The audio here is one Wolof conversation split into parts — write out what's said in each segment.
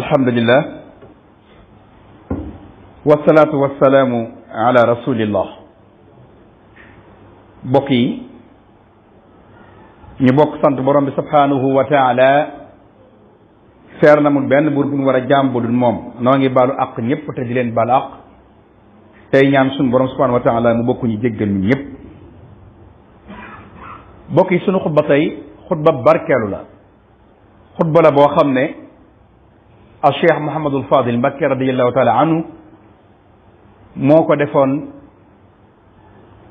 الحمد لله والصلاة والسلام على رسول الله بقي نبوك سنت برم سبحانه وتعالى سيرنا من بين بربن ورا جامب دون موم نوغي بالو اق نيب تا دي بالاق تاي نيان سون برم سبحانه وتعالى مو بوكو ني جيجل ني نيب بوكي سونو خطبه تاي خطبه باركيلو لا خطبه لا بو خامني al cheikh Mouhamadul Fadil Mbakke radiallahu taala anhu moo ko defoon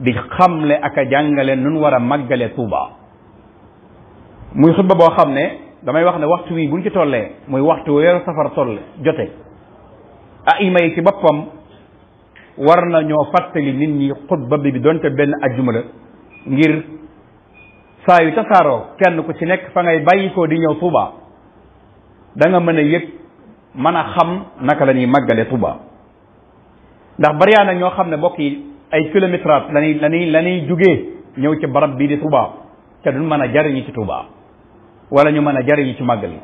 di xamle ak a jàngale nun war a màggale Touba muy xutba boo xam ne damay wax ne waxtu wi buñ ci tollee muy waxtu weeru safar tolle jote ah imay ci boppam war na ñoo fàttali nit ñi xutba bi donte benn ajjuma la ngir saa yu tasaaroo kenn ku ci nekk fa ngay bàyyikoo di ñëw Touba danga mën a yëg mën a xam naka la ñuy màggale Touba ndax bariyaa na ñoo xam ne mbokk yi ay kilométrage lañuy lañuy la jugee ñëw ci barab bii di Touba te duñ mën a jariñu ci Touba wala ñu mën a jariñu ci màggal yi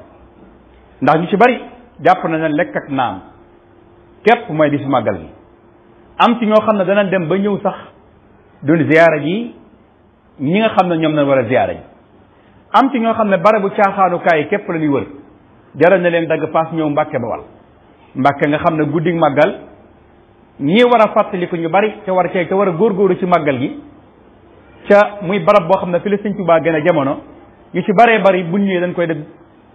ndax ñu ci bari jàpp na ne lekk ak naan képp mooy bi si màggal yi am ci ñoo xam ne danañ dem ba ñëw sax duñ ziyaara ji ñi nga xam ne ñoom lañ war a ziyaara ji am ci ñoo xam ne barabu caaxaanukaay képp la ñuy wër jaral na leen dagg paas ñëw mbàkke bawal mbàkke nga xam ne guddig màggal ñii war a fàttaliku ñu bari ca war cee ca war a góorgóoru ci màggal gi ca muy barab boo xam ne fi la sëñ Tuubaa jamono ñu ci baree bari bu ñëwee dañ koy def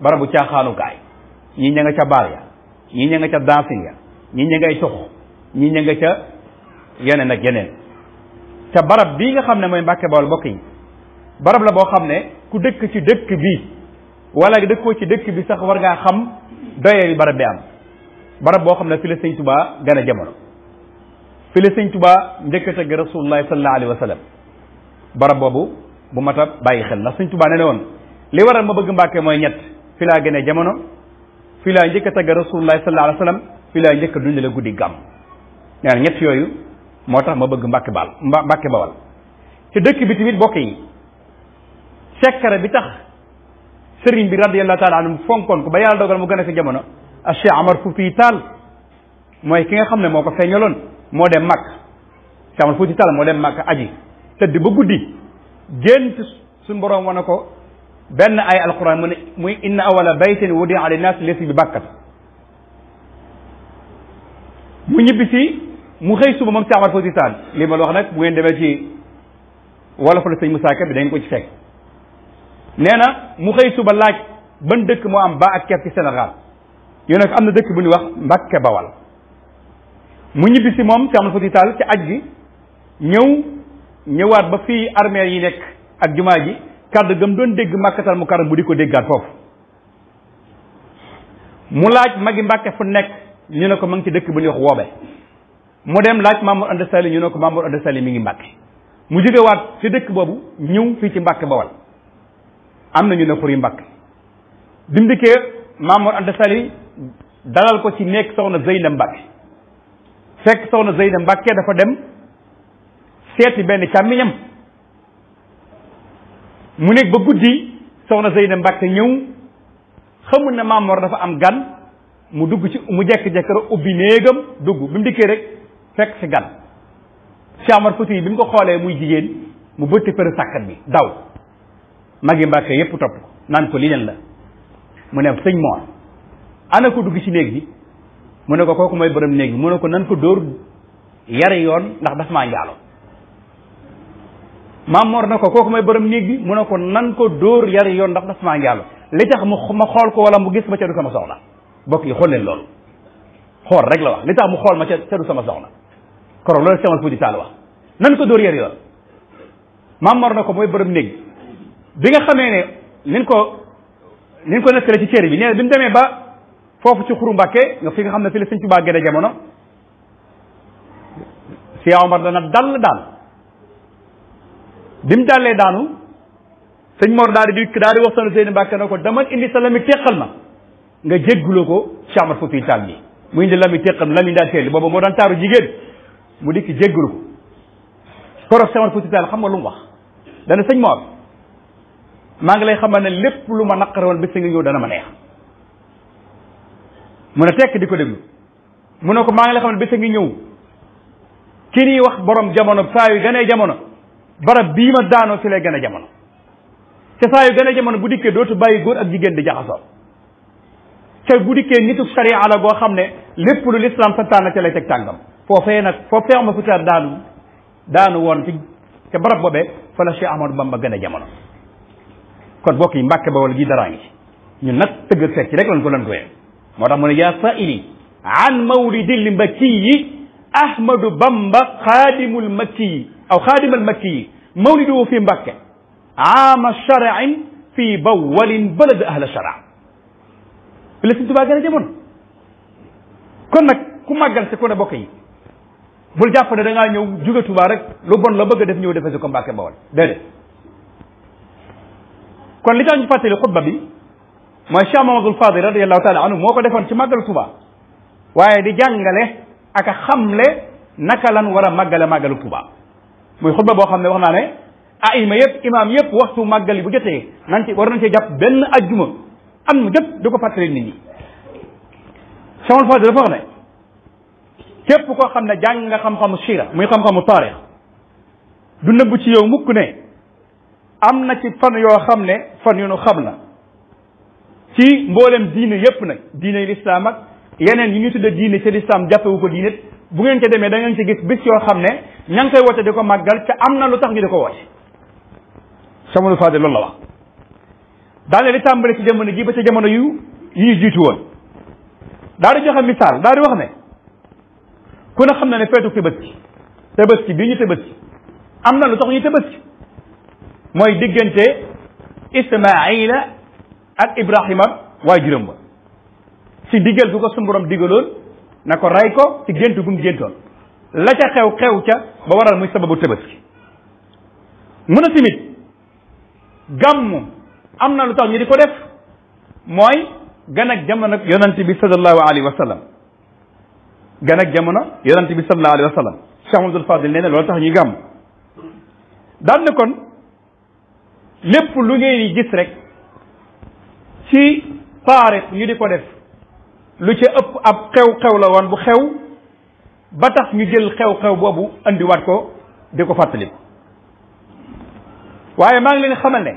barabu caaxaanukaay ñii ña nga ca baal ya ñii ña nga ca dansin ya ñii ña ngay toxu ñii ña nga ca yeneen ak yeneen ca barab bii nga xam ne mooy mbàkke bawal mbokk yi barab la boo xam ne ku dëkk ci dëkk bii wala dëkkoo ci dëkk bi sax war ngaa xam doye bi barab bi am barab boo xam ne fi la sëñ tubaa gën a jamono fi la sëñ tubaa njëkk a tëgg rasulullahi sallallahu alayhi wa sallam barab boobu bu mat a bàyyi xel ndax sëñ tubaa ne woon li waral ma bëgg mbàkke mooy ñett fi laa gën a jamono fi laa njëkk a tëgg rasulullahi sallallahu alayhi wa sallam fi laa njëkk a dund la guddi gàmm nee ñett yooyu moo tax ma bëgg mbàkke baal mbàkke bawal ci dëkk bi tamit bokk yi sekkare bi tax serigne bi radiyallahu taala anhu fonkon ko ba yalla dogal mu gëna ci jamono a cheikh amar fouti tal moy ki nga xamne moko feñalon mo dem mak cheikh amar fouti tal mo dem mak aji tëdd ba guddi gënt suñ borom wonako ben ay alquran mu ne muy inna awwala baytin wudi ala nas lesi bi bakkat mu ñibbi ci mu xey suba mom cheikh amar fouti tal li ma la wax nak bu ngeen demee ci wala fa la sëñ musaaka bi dañ ko ci fekk nee na mu xëy suba laaj ban dëkk moo am ba ak ker ci Sénégal yow nag am na dëkk bu ñuy wax Mbàkke Bawal mu ñibbi si moom Cheikh Amadou Fati Tall ci aj gi ñëw ñëwaat ba fii armeel yi nekk ak jumaa ji kàddu gam doon dégg màkkatal mu karam bu di ko déggaat foofu mu laaj magi Mbàkke fu nekk ñu ne ko ma ngi ci dëkk bu ñuy wax woobe mu dem laaj Mamour Ande Sali ñu ne ko Mamour Ande Sali mi ngi Mbàkke mu jógewaat ci dëkk boobu ñëw fii ci Mbàkke Bawal am ñu ne xuri mbàkk bi mu dikkee Maamoor Anta Sali dalal ko ci nekk soxna Zeyna Mbàkke fekk soxna Zeyna Mbàkke dafa dem seeti benn càmmiñam mu nekk ba guddi soxna Zeyna Mbàkke ñëw xamul ne Maamoor dafa am gan mu dugg ci mu jekk-jekk rek ubbi néegam dugg bi mu dikkee rek fekk si gan Cheikh Omar Fouti bi mu ko xoolee muy jigéen mu bëtti pere sàkkat bi daw magi mbàkke yépp topp nan ko lii la mu ne sëñ moor ana ko dugg ci néeg bi mu ne ko kooku mooy borom néeg bi mu ne ko nan ko dóor yari yoon ndax daf maa njaaloo maam ko kooku mooy borom néeg bi mu ne ko nan ko dóor yari yoon ndax daf maa njaaloo li tax mu ma xool ko wala mu gis ma ca du sama soxla bok yi xool ne loolu xool rek la wax li tax mu xool ma ca ca du sama soxla koro loolu semal fuuti taal wax nan ko dóor yari yoon maam na ko mooy borom néeg bi nga xamee ne nin ko nin ko nettale ci cër bi nee bi mu demee ba foofu ci xuru Mbàkke nga fi nga xam ne fi la ci Tuubaa gën a jamono si Omar dana dal daan bi mu dàllee daanu sëñ Mor daal di daal di wax sanu Seyni Mbàkke na ko dama indi sa lami teqal ma nga jégguloo ko si Omar Fuuti Taal bi mu indi lami teqal lami daal teel boobu moo daan taaru jigéen mu dikk jéggulu ko korog si Omar Fuuti Taal xam lu mu wax dana sëñ Mor maa ngi lay xam ne lépp lu ma naqare woon bés nga ñëw dana ma neex mu ne tekk di ko déglu mu ne ko maa ngi lay xamal bés nga ñëw ki nii wax borom jamono saa yu gënee jamono barab bii ma daanoo si lay gën a jamono te saa yu gënee jamono bu dikkee dootu bàyyi góor ak jigéen di jaxasoo te bu dikkee nitu sariya la goo xam ne lépp lu lislaam santaana ca lay teg tàngam foofee nag foo feex ma fu taar daanu daanu woon te ca barab boobee fa la Cheikh Ahmadou Bamba jamono kon bokk yi mbàkke bawol gi daraa ngi ci ñun nag tëggal fekk ci rek lan ko lan ko yem moo tax mu ne yaa saili an mawlidil makkiyi ahmadu bamba xaadimul makkiyi aw xaadimal makkiyi mawlidu fi mbàkke aama sharain fi bawalin balad ahla shara fi la Sëñ Tuubaa gën a jamono kon nag ku màggal si ku ne bokk yi bul jàpp ne da ngaa ñëw jóge Tuubaa rek lu bon la bëgg a def ñëw defee si ko mbàkke bawol déedéet kon li tax ñu fàttali xutba bi mooy cheikh mamadul fadil radi radiallahu taala anhu moo ko defoon ci màggal tuba waaye di jàngale ak xamle naka lan war a màggale màggalu tuba muy xutba boo xam ne wax naa ne aima yëpp imam yëpp waxtu màggali bu jotee nañ ci war nañ ci jàpp benn ajjuma am mu jëpp di ko fàttali nit ñi cheikh mamadul fadil dafa wax ne képp koo xam ne jàng nga xam-xamu sira muy xam-xamu taarix du nëbb ci yow mukk ne am na ci fan yoo xam ne fan yu nu xam la ci mboolem diine yépp nag diine lislaam ak yeneen yi ñu tudde diine ca lislaam jàppewu ko diine bu ngeen ca demee da ngeen ci gis bis yoo xam ne ña ngi koy wote di ko màggal te am na lu tax ñu di ko wote samadu fadil loolu la wax daane li tàmbale ci jamono gi ba ci jamono yu yi ñu jiitu woon daa di joxe misaal daa di wax ne ku ne xam na ne feetu tëbëski tëbëski bi ñu tëbëski am na lu tax ñu tëbëski mooy diggante Ismaayila ak Ibrahima waa juróom ba si digal gu ko sunu borom digaloon na ko ray ko ci gént gu mu géntoon la ca xew xew ca ba waral muy sababu tabaski mu ne tamit gàmmu am na lu tax ñi di ko def mooy gan ak jamono yonante bi sallallahu alayhi wa sallam gan ak jamono yonante bi sallallahu alayhi wa sallam Cheikh Amadou Fadil nee na loolu tax ñuy gàmm daal ne kon lépp lu ngeen gis rek ci taarix ñu di ko def lu ci ëpp ab xew-xew la woon bu xew ba tax ñu jël xew-xew boobu andiwaat ko di ko fàttali waaye maa ngi leen xamal ne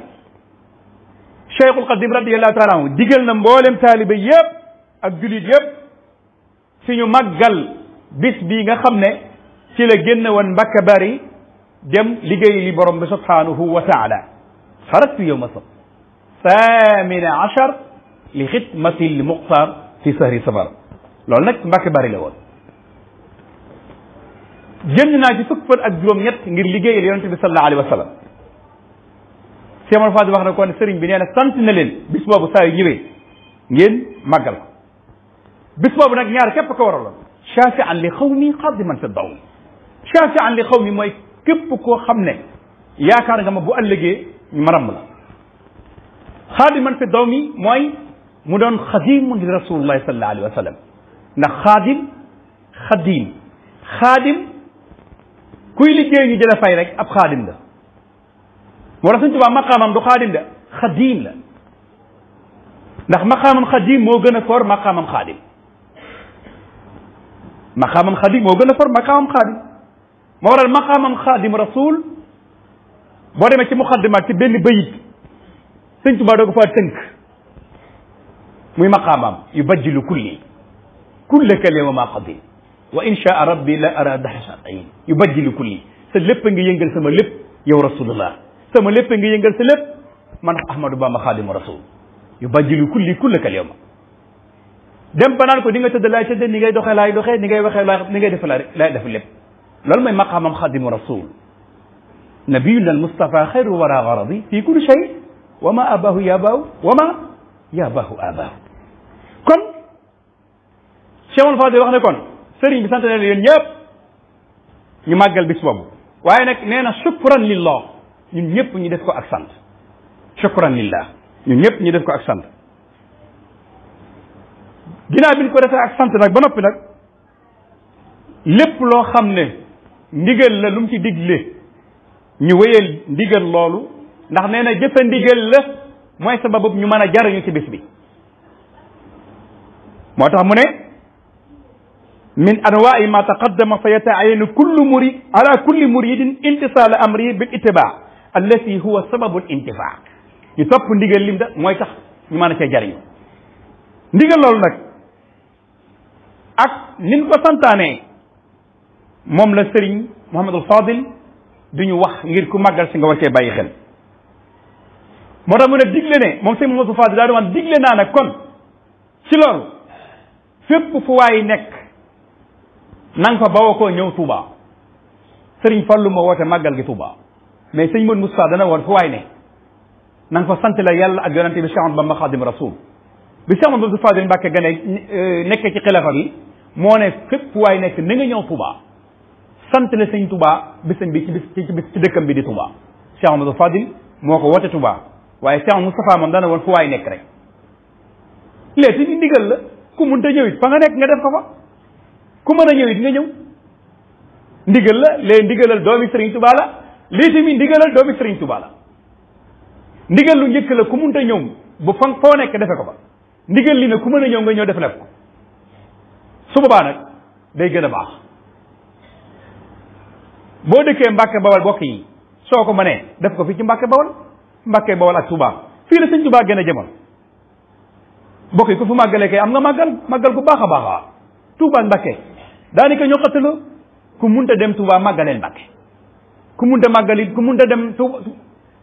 Cheikhul Qadim radiyallahu taala anhu digal na mboolem taalibe yépp ak jullit yépp si ñu màggal bis bii nga xam ne ci la génn woon Mbàkke Bari dem liggéey li borom bi subhanahu wa taala خرجت يوم السبت ثامن عشر لختمة المقصر في sahri safar loolu nag Mbàkke Bari la woon jëm naa ci fukk fan ak juróom-ñett ngir liggéeyal yonent bi sallallahu alayhi wa sallam Cheikh Omar Fadi wax na ko ne sëriñ bi nee na sant na leen bis boobu saa yu ñëwee ngeen màggal ko bis boobu nag ñaar képp ko waraloon shafi'an li xawmi xadiman fi dawm shafi'an li xawmi mooy képp koo xam ne yaakaar nga ma bu ëllëgee ma ràmm la xaadiman fi dawmi mooy mu doon xadimun li rasulillahi sallallahu alayhi wa sallam ndax xaadim xadim xaadim kuy liggéey ñu jële fay rek ab xaadim la moo tax suñ tubaab maqaamam du xaadim de xadim la ndax maqaamam xadim moo gën a foor maqaamam xaadim maqaamam xadim moo gën a foor maqaamam xaadim moo waral maqaamam xaadim rasul bo demé ci mukaddima ci benn beuyit seigne touba dogo fa teunk muy maqamam yu bajjilu kulli kulle kalima ma qadi wa in sha'a rabbi la arada xasatain yu bajjilu kulli sa lépp nga yëngal sama lépp yow rasulullah sama lépp nga yëngal sa lépp man ahmadu ma xaadimu rasul yu bajjilu kulli kulle kalima dem ba naan ko di nga tëdd lay tëdd ni ngay doxé lay doxé ni ngay waxé lay ni ngay def lay def lépp loolu moy maqamam xaadimu rasul نبي المصطفى خير وراء غرضي في كل شيء وما أباه يباه وما يباه أباه كن شيخ الفاضل وخنا كن سرين بسانت الليل يب يمجل بسوابه وينك نينا شكرا لله ينيب نيدفكو أكسانت شكرا لله ينيب نيدفكو أكسانت جينا بين كورة أكسانت نك بنا بنا لب لو خمنة نيجل للمتي ديجلي ñu wéyal ndigal loolu ndax nee na jëfa ndigal la mooy sababub ñu mën a jariñu ci bis bi moo tax mu ne min anwaai من أنواع ما تقدم فيتعين كل مريد على كل مريد امتصال أمره بالاتباع التي هو سبب الانتفاع يتوب نديغال ليم دا mooy tax ñu mën a cee jariñu ndigal loolu nag ak nin ko santaanee moom la sëriñ mohamadul fadil duñu wax ngir ku màggal si nga war cee bàyyi xel moo tax mu ne digle ne moom sëñ Moussa Fadil digle naa nag kon ci loolu fépp fu waay nekk na nga fa bawoo koo ñëw Touba sëriñ Fallu ma woote màggal gi Touba mais sëñ Modou Moussa dana woon fu waay ne na nga fa sant la yàlla ak yonante bi Cheikh Ahmadou Bamba Khadim Rasoul bi Cheikh Ahmadou Fadil Mbàkke gane euh, nekk ci xilafa bi moo ne fépp fu waay nekk na nga ñëw Touba sant na sëñ Touba bésam bi ci bis ci bis dëkkam bi di Touba Cheikh Amadou Fadil moo ko woote Touba waaye Cheikh Moustapha moom dana woon fu waay nekk rek léegi ni ndigal la ku mënta ñëw it fa nga nekk nga def ko fa ku mën a ñëw it nga ñëw ndigal la lee ndigalal doomi Serigne Touba la lii tamit ndigalal doomi Serigne Touba la ndigal lu njëkk la ku mënta ñëw bu fa foo nekk defe ko fa ndigal li ne ku mën a ñëw nga ñëw def na ko su nag day gën a baax. boo dëkkee Mbàkke Bawal bokk yi soo ko mënee def ko fi ci Mbàkke Bawal Mbàkke Bawal ak Touba fii la sëñ Touba gën a bokk yi ku fi màggalee kay am nga màggal màggal ku baax a baax a Touba Mbàkke daanaka ñoo xattala ku munta dem Touba màggaleel Mbàkke ku mun munta màggali ku munta dem Touba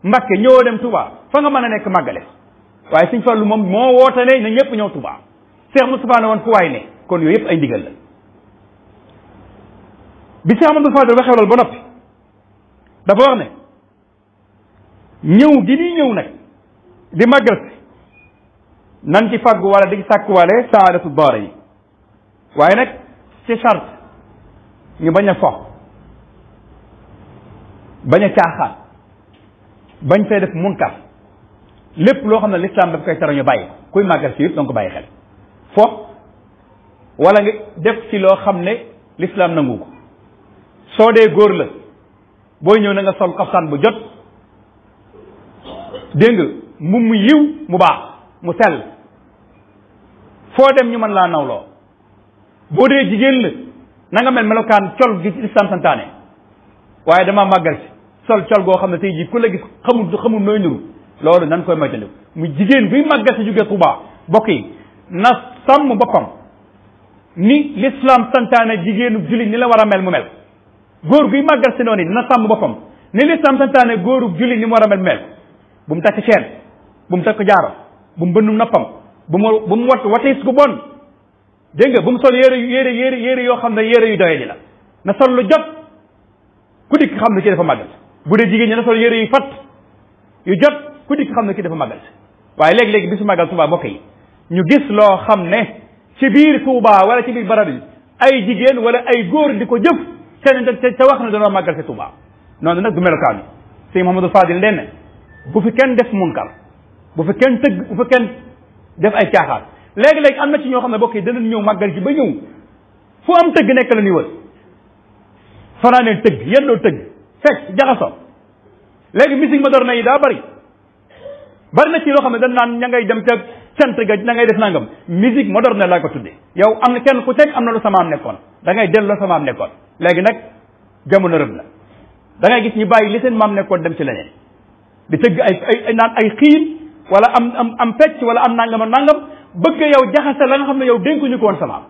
Mbàkke ñëwoo dem Touba fa nga mën a nekk màggale waaye sëñ Fallu moom moo wootale na ñëpp ñëw Touba Seex Mustafaa ne woon fu waay ne kon yooyu yëpp ay ndigal bi Cheikh Amadou Fadel waxee loolu ba noppi dafa wax ne ñëw gi ñuy ñëw nag di màggal si nan ci fàgguwaale di sàkkuwaale saadatu daara yi waaye nag ci charte ñu bañ a fox bañ a caaxaan bañ fee def munkar lépp loo xam ne l'islam daf koy tere ñu bàyyi kuy màggal si yëpp donc bàyyi xel foofu wala nga def ci loo xam ne l'islam nangu ko soo dee góor la booy ñëw na nga sol kaftaan bu jot dégg nga mu mu yiw mu baax mu sell foo dem ñu mën laa nawloo boo dee jigéen la nanga mel melokaan col gi ci lislam santaane waaye damaa màggal ci sol col goo xam ne tey jii ku la gis xamul xamul nooy nuru loolu nan koy moytandiku mu jigéen buy màggal si jóge Tuubaa bokk yi na sàmm boppam ni lislam santaane jigéenu jullit ni la war a mel mu mel góor guy màggal si noonu dina sàmm boppam ni lislaam santaane góoru julli ni mu war a mel mel bu mu takk ceen bu mu takk jaaro bu mu bënnum noppam bu mu bu mu wat watiis gu bon dégg nga bu mu sol yére yére yére yére yoo xam ne yére yu doye di la na sol lu jot ku dikk xam ne kii dafa màggal bu dee jigéen ñi na sol yére yu fat yu jot ku dikk xam ne kii dafa màggal waaye léegi-léegi bisu màggal Tuubaa mbokk yi ñu gis loo xam ne ci biir Tuubaa wala ci biir barab yi ay jigéen wala ay góor ko jëf te te wax ne danoo màggal si Touba noonu nag du melokaan yi sëñ Mouhamadou Fadil leen ne bu fi kenn def munkar bu fi kenn tëgg bu fi kenn def ay caaxaan léegi-léegi am na ci ñoo xam ne bokk yi danañ ñëw màggal ji ba ñëw foo am tëgg nekk la ñuy wër fanaanee tëgg yendoo tëgg fekk jaxasoo léegi musique moderne yi daa bari bari na ci loo xam ne dañ naan ña ngay dem ca cant ga na def def nangam musique moderne laa ko tudde yow am na kenn ku teg am na lu sama am dangay ngay delloo sa maam nekkoon léegi nag jamono rëb na da gis ñu bàyyi li seen maam nekkoon dem ci leneen di tëgg ay ay naan ay xiin wala am am am fecc wala am nangam a nangam bëgg yow jaxase la nga xam ne yow dénkuñu ko woon sa maam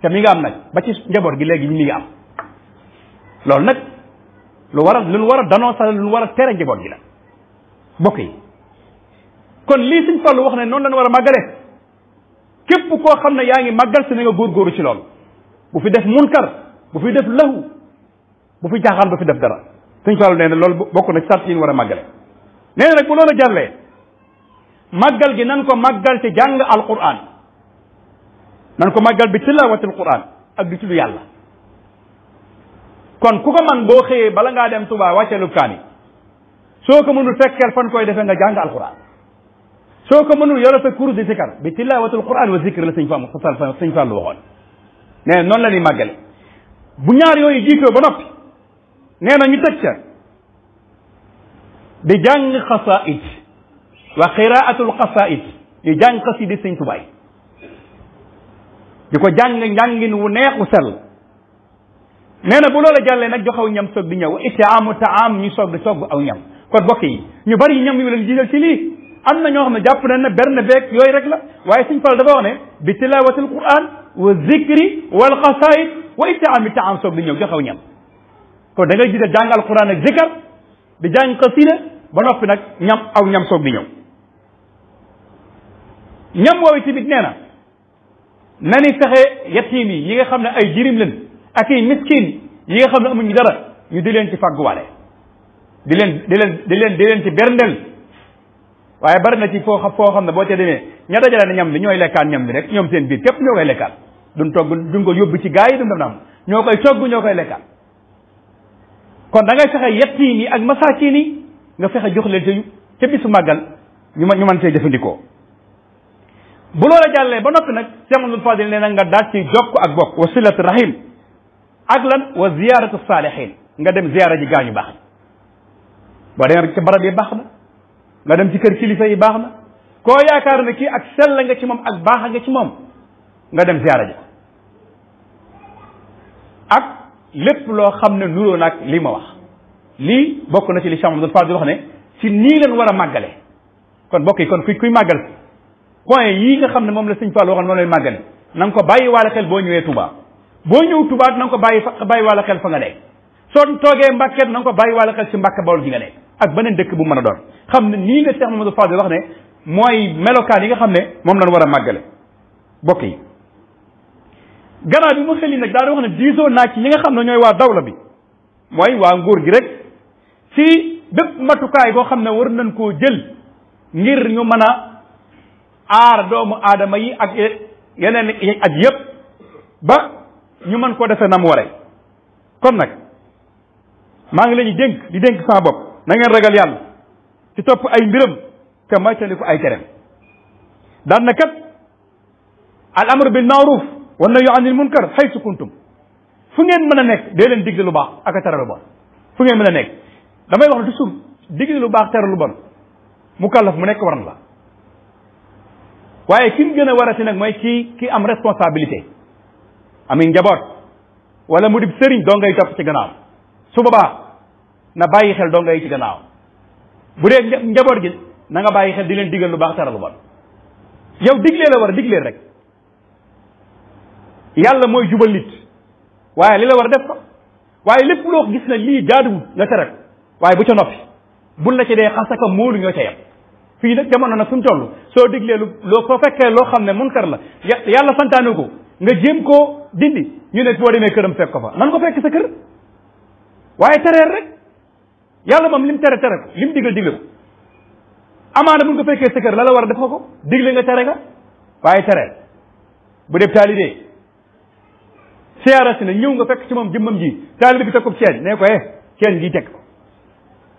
te mi nga am nag ba ci njaboot gi léegi mi nga am loolu nag lu war a lu war a danoo sa lu war a tere njaboot gi la mbokk yi kon lii suñ fallu wax ne noonu lañ war a màggale képp koo xam ne yaa ngi màggal si na nga góorgóoru ci loolu bu fi def munkar bu fi def lahu bu fi jaaxaan bu fi def dara suñ fàllu nee na loolu bokk na sart yi war a màggale nee na nag bu loolu jàllee màggal gi nan ko màggal ci jàng alquran nan ko màggal bi tilawatil quran ak di tudd yàlla kon ku ko man boo xëyee bala ngaa dem Tuubaa wàccee lubkaan yi soo ko mënul fekkeel fan koy defee nga jàng alquran soo ko mënul yore sa cours de zikar bi tilawatil quran wa zikr la sëñ Fàllu sëñ nee noonu la ñuy màggale bu ñaar yooyu jiitoo ba noppi nee na ñu tëj ca di jàng xasaid wa qiraatul xasaid di jàng xasidi sëñ tubaay di ko jàng njàngin wu neex wu sell nee na bu loola jàllee nag joxaw ñam soog di ñëw itaamu taam ñu soog di soog aw ñam kon bokk yi ñu bari ñam yu leen jiital ci lii am na ñoo xam ne jàpp nañ ne berne beeg yooyu rek la waaye suñ fal dafa wax ne bi tilawatil quran والذكر والقصائد وإتعام إتعام سوق نيو جخو نيو كو دا نجي جانغ القرآن الذكر دي جانغ قصيدة بنوف نك نيام أو نيام سوق نيو نيام ووي تبت نينا ناني سخي يتيمي يغي خمنا أي جيريم لن أكي مسكين يغي خمنا أمو ندرة يو دي لين تفاق غوالي دي لين دي لين waye bari ci fo xam fo xam ne bo ci demé ñata jara ñam li ñoy lekkat ñam bi rek ñom seen biir kep ñoy lekkat duñ togg duñ ko yóbbu ci gaa yi duñ ko naam ñoo koy togg ñoo koy lekkaat kon dangay ngay fexe yettiin yi ak masaakin yi nga fexe jox leen ca bisu màggal ñu mën ñu mën cee jëfandikoo bu loola jàllee ba noppi nag Cheikh Abdoul Fadil nee na nga daal ci jokk ak bokk wa silatu rahim ak lan wa ziyaratu saalihin nga dem ziyaara ji gaañu baax boo demee ci barab yi baax na nga dem ci kër kilifa yi baax na koo yaakaar na kii ak sella nga ci moom ak baax nga ci moom nga dem ziyaara ji ak lépp loo xam ne nuroo nag li ma wax lii bokk na ci li Cheikh Mamadou Fall di wax ne ci nii leen war a màggale kon bokk yi kon kuy kuy màggal point yii nga xam ne moom la sëñ Fall lay màggale na ko bàyyi waale boo ñëwee Touba boo ñëw Touba na ko bàyyi fa bàyyi waale xel fa nga nekk soo toogee Mbàkke na nga ko bàyyi waale xel ci Mbàkke Bawol gi nga ak beneen dëkk bu mën a doon xam ne nii la Cheikh Mamadou Fall di wax ne mooy melokaan yi nga xam ne moom lañ war a màggale bokk yi gannaaw bi mu xeli nag daal di wax ne diisoo naa ci ñi nga xam ne ñooy waa dawla bi mooy waa nguur gi rek ci bépp matukaay boo xam ne war nañ koo jël ngir ñu mën a aar doomu aadama yi ak yeneen ak yépp ba ñu mën koo defee nam ware kon nag maa ngi leen di dénk di dénk saa bopp na ngeen ragal yàlla ci topp ay mbiram te moytandiku ay tereem daan na kat al amru bil wan nahyu anil munkar haytu kuntum fu ngeen mën a nekk dee leen digle lu baax ak a tere lu bon fu ngeen mën a nekk damay wax ne toujours digle lu baax tere lu bon mu kallaf mu nekk war la waaye ki gën a war a warati nag mooy kii ki am responsabilité ami njaboot wala mu dib sëriñ doo ngay topp ci gannaaw su boobaa na bàyyi xel doo ngay ci gannaaw bu dee njaboot gi na nga bàyyi xel di leen digal lu baax tere lu bon yow diglee la war a diglee rek yàlla mooy jubal nit waaye li la war a def ko waaye lépp loo gis na lii jaaduwul nga tere ko waaye bu ca noppi bul la ci dee xasaka lu nga ca yem fii nag jamono nag fu mu soo diglee lu loo soo fekkee loo xam ne munkar la yàlla santaane ko nga koo dindi ñu ne boo këram fekk ko fa nan ko fekk sa kër waaye tereel rek yàlla moom lim tere tere ko lim digal digle ko ko fekkee sa kër la la war a def ko digle nga tere nga waaye tereel bu dee taalibee siyaara si na ñëw nga fekk ci moom ji taalibe bi teg ceen nee ko eh ceen gi teg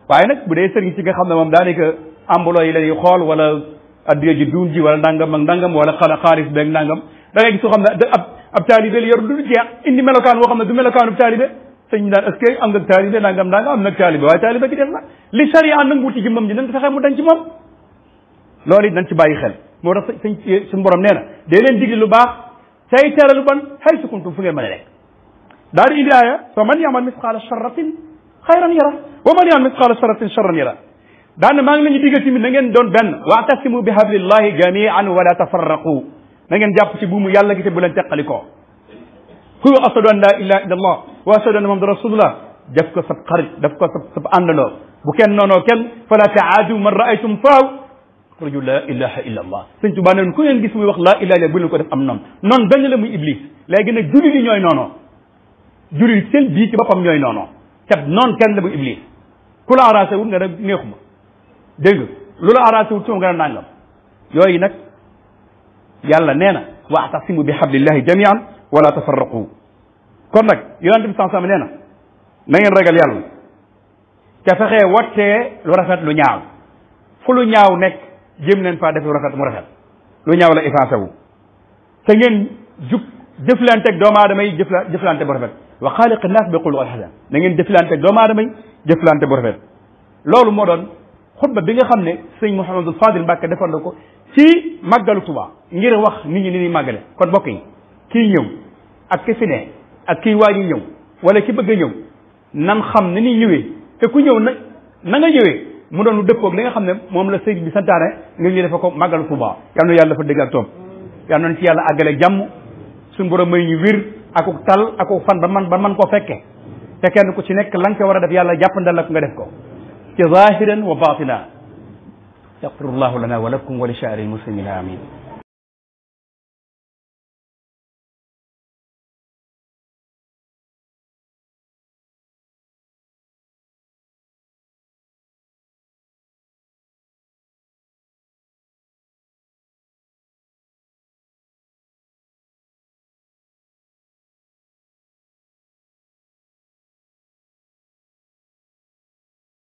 waaye nag bu dee sëriñ si nga xam ne moom daanaka ambulo yi lañuy xool wala addiya ji duun ji wala ndangam ak ndangam wala xala xaalis beeg ndangam da ngay gis soo xam ne ab ab taalibe li yor du jeex indi woo xam ne du melokaanu taalibe sëñ bi naan am nga taalibe am nag taalibe waaye taalibe gi def na li sariya nangu ci jëmmam ji nañ fexe mu dañ ci moom loolu ci bàyyi xel moo tax sëñ suñu borom nee na dee leen digli lu baax tey teral ban xay su kuntum fu ngeen mën a nekk daal di indi aaya fa man yamal misqaala charratin xayran yara wa man yamal misqaala charratin charran yara daan maa ngi leen di digal tamit na ngeen doon benn waatasimu bi hablillahi jamian wala tafarraqu na ngeen jàpp ci buumu yàlla gi te bu leen teqali ko huwa asadu an la ilaha illa allah wa asadu anna muhammadan rasulullah def ko sab xarit def ko sab sab àndandoo bu kenn noonoo kenn fala taadu man raaytum faaw rajo laa ilaha illa allah sëñ Tuubaa ne ku leen gis muy wax laa illa bu leen ko def am noonu noonu benn la muy iblis léegi nag jullit yi ñooy noonoo jullit seen bii ci boppam ñooy noonoo cat noonu kenn la muy iblis ku la arrangé wut nga def neexuma dégg nga lu la arrangé wut suma nga def nangam yooyu nag yàlla nee na wa'tasimu bi hablillahi jamian wala tafarraqu kon nag yonent bi sansam nee na na ngeen ragal yàlla ca fexee lu rafet lu ñaaw fu lu ñaaw nekk jéem neen faa defee rafet mu rafet lu ñaaw la effacé wu te ngeen jub jëflanteeg doomu aadama yi jëfla jëflante bu rafet wa xaaliq naas bi xuluqin hasan na ngeen jëflanteeg doomu aadama yi jëflante bu rafet loolu moo doon xutba bi nga xam ne sëñ Mouhamadul Fadil Mbàkke defoon na ko ci màggalu Tuba ngir wax nit ñi ni ñuy màggale kon mbokk yi kii ñëw ak ki fi ne ak kii waa ñi ñëw wala ki bëgg a ñëw nan xam ni ñuy ñëwee te ku ñëw na na nga ñëwee mu doon lu dëppoog li nga xam ne moom la sëriñ bi santaane ngir ñu defe ko màggalu Tuuba na yàlla fa dëgg ak toog yal nañ ci yàlla àggale jàmm suñu borom may ñu wir akuk tal akuk fan ba man ba man koo fekke te kenn ku ci nekk la nga war a def yàlla jàppandal la ko nga def ko ci zahiran wa batina yaqfirullahu lana wa lakum wa li shaari muslimina amin